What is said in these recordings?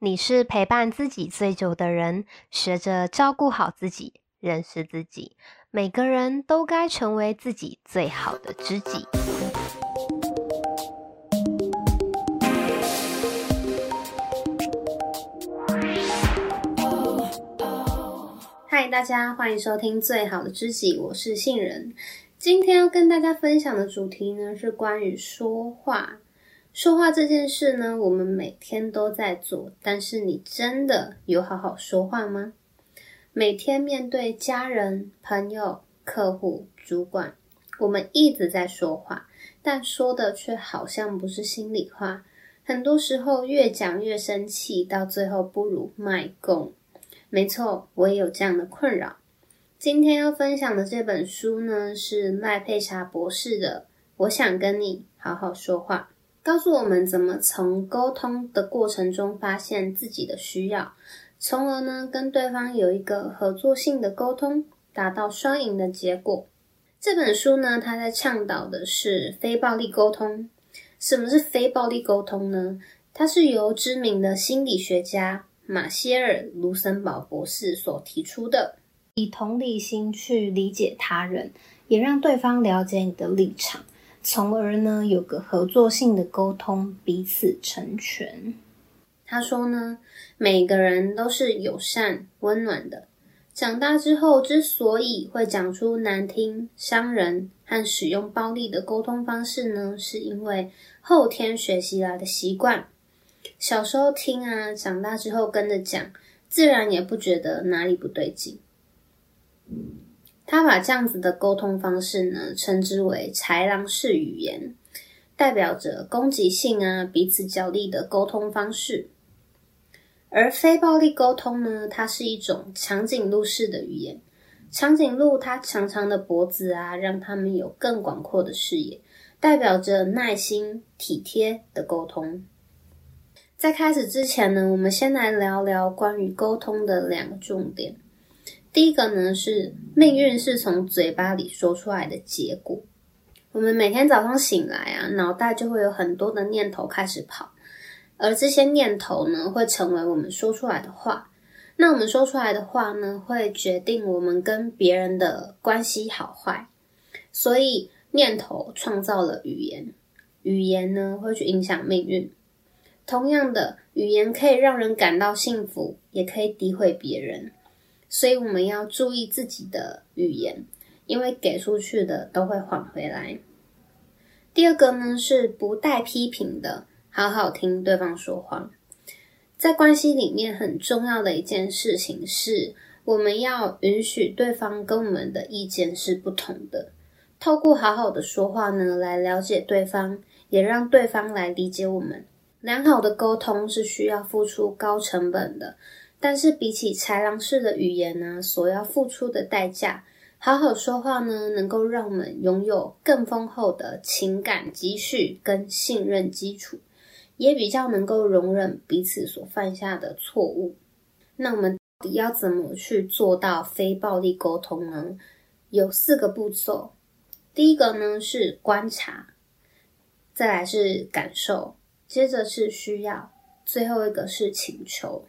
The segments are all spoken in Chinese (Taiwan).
你是陪伴自己最久的人，學着照顧好自己，認識自己。每個人都該成為自己最好的知己。嗨， Hi, 大家，歡迎收聽《最好的知己》，我是杏仁。今天要跟大家分享的主題呢，是關於說話。說話這件事呢，我們每天都在做，但是你真的有好好說話嗎？每天面對家人、朋友、客戶、主管，我們一直在說話，但說的卻好像不是心裡話。很多時候越講越生氣，到最後不如賣共。沒錯，我也有這樣的困擾。今天要分享的這本書呢，是賴佩霞博士的《我想跟你好好說話》。告訴我們怎麼從溝通的過程中發現自己的需要，從而呢跟對方有一個合作性的溝通，達到雙贏的結果。這本書呢，它在倡導的是非暴力溝通。什麼是非暴力溝通呢？它是由知名的心理學家馬歇爾·盧森堡博士所提出的，以同理心去理解他人，也讓對方了解你的立場。從而呢，有個合作性的溝通，彼此成全。他說呢，每個人都是友善、溫暖的。長大之後之所以會講出難聽、傷人和使用暴力的溝通方式呢，是因為後天學習來的習慣。小時候聽啊，長大之後跟着講，自然也不覺得哪裡不對勁。他把這樣子的溝通方式呢，稱之為“豺狼式語言”，代表着攻擊性啊、彼此角力的溝通方式；而非暴力溝通呢，它是一種長頸鹿式的語言。長頸鹿它長長的脖子啊，讓他們有更廣闊的視野，代表着耐心、體貼的溝通。在開始之前呢，我們先來聊聊關於溝通的兩個重點。第一個呢，是命運是從嘴巴裡說出來的結果。我們每天早上醒來啊，腦袋就會有很多的念頭開始跑，而這些念頭呢會成為我們說出來的話。那我們說出來的話呢，會決定我們跟別人的關係好壞。所以念頭創造了語言，語言呢會去影響命運。同樣的，語言可以讓人感到幸福，也可以詆毀別人。所以我們要注意自己的語言，因為給出去的都會還回來。第二個呢是不帶批評的，好好聽對方說話。在關係裡面很重要的一件事情是，我們要允許對方跟我們的意見是不同的。透過好好的說話呢，來了解對方，也讓對方來理解我們。良好的溝通是需要付出高成本的。但是，比起豺狼式的語言呢，所要付出的代價，好好說話呢，能夠讓我們擁有更豐厚的情感積蓄跟信任基礎，也比較能夠容忍彼此所犯下的錯誤。那我們到底要怎麼去做到非暴力溝通呢？有四個步驟：第一個呢是觀察，再來是感受，接着是需要，最後一個是請求。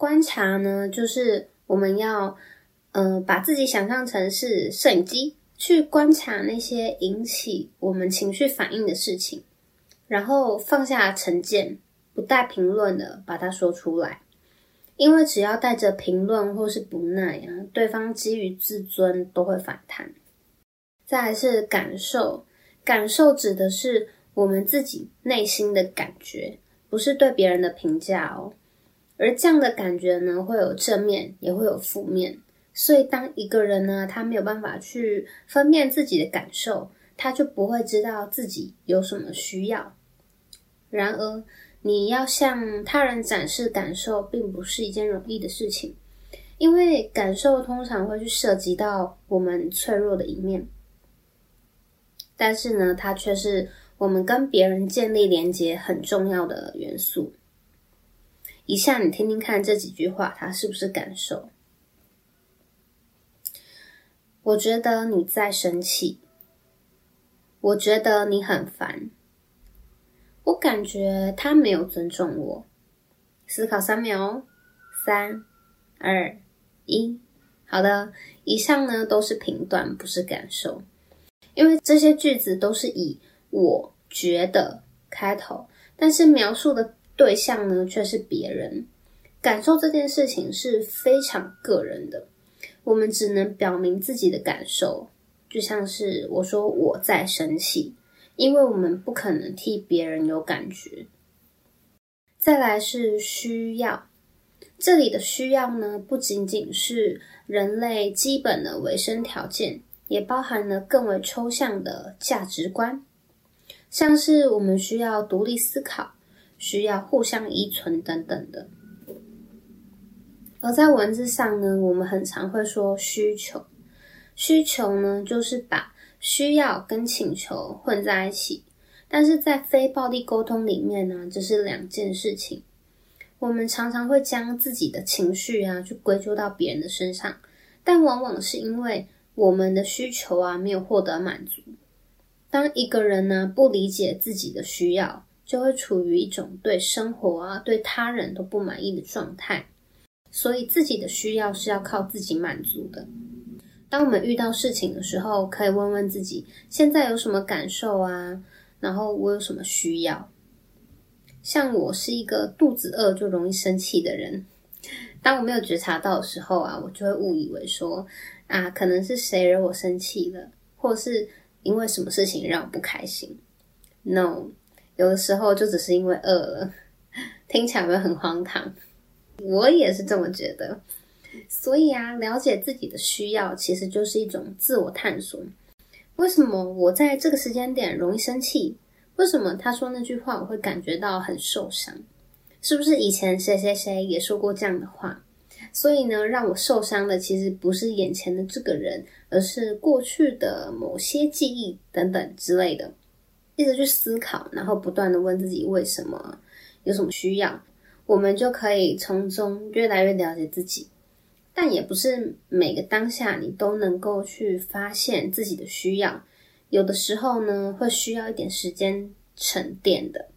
觀察呢，就是我們要，呃，把自己想象成是攝影機，去觀察那些引起我們情緒反應的事情，然後放下成見，不帶評論的把它說出來。因為只要帶着評論或是不耐啊，對方基於自尊都會反彈。再來是感受，感受指的是我們自己內心的感覺，不是對別人的評價哦。而這樣的感覺呢，會有正面，也會有負面。所以，當一個人呢，他沒有辦法去分辨自己的感受，他就不會知道自己有什麼需要。然而，你要向他人展示感受，並不是一件容易的事情，因為感受通常會去涉及到我們脆弱的一面。但是呢，它卻是我們跟別人建立連結很重要的元素。一下你聽聽看這幾句話，他是不是感受？我覺得你在生氣，我覺得你很煩，我感覺他沒有尊重我。思考三秒，三、二、一。好的，以上呢都是評斷，不是感受，因為這些句子都是以“我覺得”開頭，但是描述的。對象呢，卻是別人。感受這件事情是非常個人的，我們只能表明自己的感受，就像是我說我在生氣，因為我們不可能替別人有感覺。再來是需要，這裡的需要呢，不僅僅是人類基本的維生條件，也包含了更為抽象的價值觀，像是我們需要獨立思考。需要互相依存等等的，而在文字上呢，我們很常會說需求，需求呢就是把需要跟請求混在一起，但是在非暴力溝通裡面呢，這是兩件事情。我們常常會將自己的情緒啊，去歸咎到別人的身上，但往往是因為我們的需求啊沒有獲得滿足。當一個人呢啊不理解自己的需要，就會處於一種對生活啊、對他人都不滿意的狀態，所以自己的需要是要靠自己滿足的。當我們遇到事情的時候，可以問問自己：現在有什麼感受啊？然後我有什麼需要？像我是一個肚子餓就容易生氣的人，當我沒有覺察到的時候啊，我就會誤以為說：啊，可能是誰惹我生氣了，或是因為什麼事情讓我不開心。No。有的時候就只是因為餓了，聽起來會很荒唐，我也是這麼覺得。所以啊，了解自己的需要其實就是一種自我探索。為什麼我在這個時間點容易生氣？為什麼他說那句話我會感覺到很受傷？是不是以前誰誰誰也說過這樣的話？所以呢，讓我受傷的其實不是眼前的這個人，而是過去的某些記憶等等之類的。記得去思考，然後不斷的問自己為什麼，有什麼需要，我們就可以從中越來越了解自己。但也不是每個當下你都能夠去發現自己的需要，有的時候呢會需要一點時間沉澱的。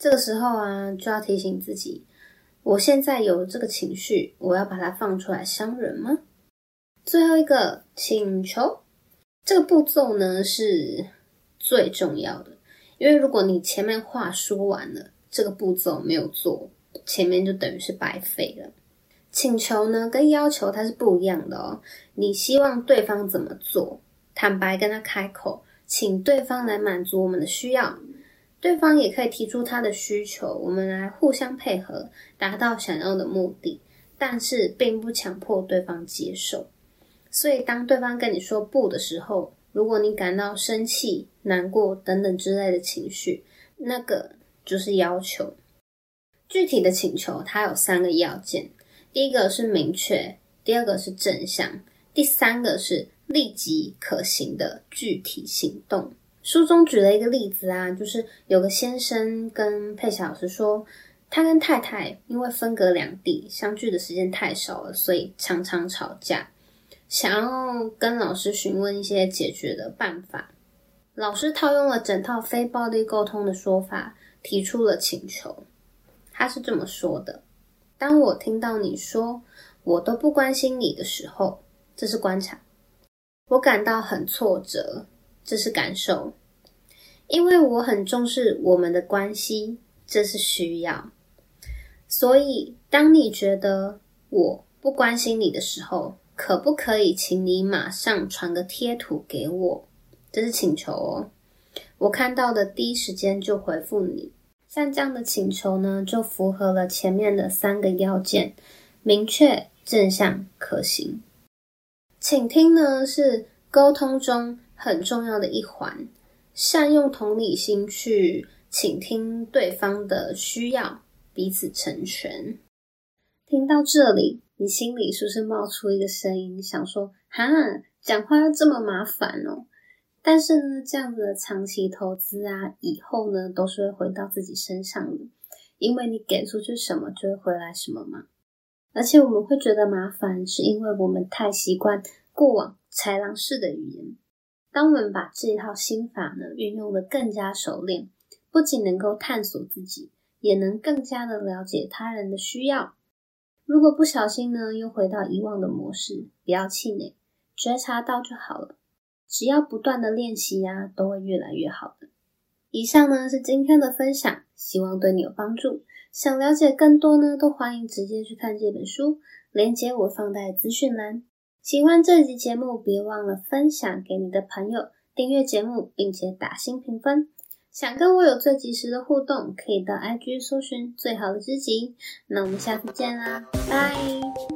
這個時候啊，就要提醒自己，我現在有這個情緒，我要把它放出來傷人嗎？最後一個請求，這個步驟呢是最重要的。因為如果你前面話說完了，這個步驟沒有做，前面就等於是白費了。請求呢跟要求它是不一樣的哦，你希望對方怎麼做，坦白跟他開口，請對方來滿足我們的需要，對方也可以提出他的需求，我們來互相配合，達到想要的目的，但是並不強迫對方接受。所以當對方跟你說不的時候，如果你感到生氣、難過等等之類的情緒，那個就是要求。具體的請求，它有三個要件：第一個是明確，第二個是正向，第三個是立即可行的具體行動。書中舉了一個例子啊，就是有個先生跟佩霞老師說，他跟太太因為分隔兩地，相聚的時間太少了，所以常常吵架。想要跟老師詢問一些解決的辦法。老師套用了整套非暴力溝通的說法，提出了請求。他是這麼說的：“當我聽到你說我都不關心你的時候，這是觀察；我感到很挫折，這是感受；因為我很重視我們的關係，這是需要。所以，當你覺得我不關心你的時候。”可不可以，請你馬上傳個貼圖給我？這是請求哦。我看到的第一時間就回復你。像這樣的請求呢，就符合了前面的三個要件：明確、正向、可行。傾聽呢，是溝通中很重要的一環。善用同理心去傾聽對方的需要，彼此成全。聽到這裡。你心裡是不是冒出一個聲音，想說：“哈、啊，講話要這麼麻煩哦？”但是呢，這樣子的長期投資啊，以後呢都是會回到自己身上的，因為你給出去什麼就會回來什麼嘛。而且我們會覺得麻煩，是因為我們太習慣過往豺狼式的語言。當我們把這套心法呢運用得更加熟練，不僅能夠探索自己，也能更加的了解他人的需要。如果不小心呢，又回到以往的模式，不要氣餒，覺察到就好了。只要不斷的練習呀、啊，都會越來越好的。以上呢，是今天的分享，希望對你有幫助。想了解更多呢，都歡迎直接去看這本書，鏈接我放在資訊欄。喜歡這集節目，別忘了分享給你的朋友，訂閱節目，並且打星評分。想跟我有最及時的互動，可以到 IG 搜尋最好的知己。那我們下次見啦，拜。